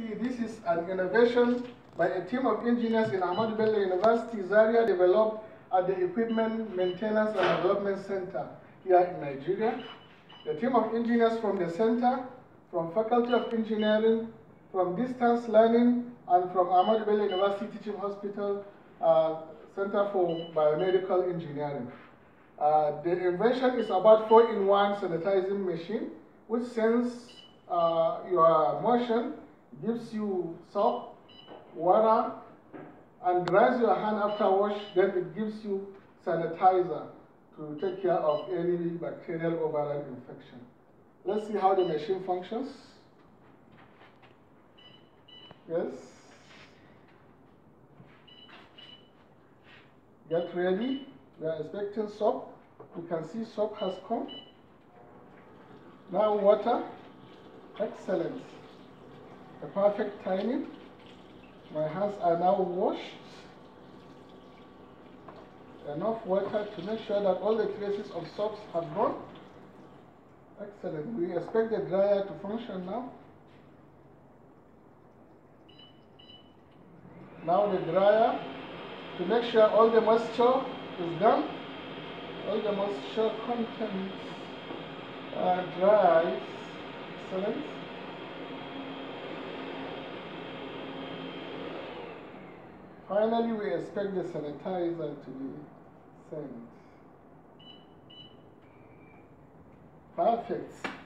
See, this is an innovation by a team of engineers in Ahmad Bello University, Zaria, developed at the Equipment Maintenance and Development Center here in Nigeria. The team of engineers from the center, from Faculty of Engineering, from Distance Learning, and from Ahmad Bello University Teaching Hospital uh, Center for Biomedical Engineering. Uh, the invention is about four-in-one sanitizing machine, which sends uh, your motion gives you soap, water, and dries your hand after wash, then it gives you sanitizer to take care of any bacterial or viral infection. Let's see how the machine functions. Yes. Get ready. We are expecting soap. You can see soap has come. Now water. Excellent the perfect timing. My hands are now washed. Enough water to make sure that all the traces of soaps have gone. Excellent. We expect the dryer to function now. Now the dryer to make sure all the moisture is gone. All the moisture contents are dries. Excellent. Finally, we expect the sanitizer to be sent. Perfect.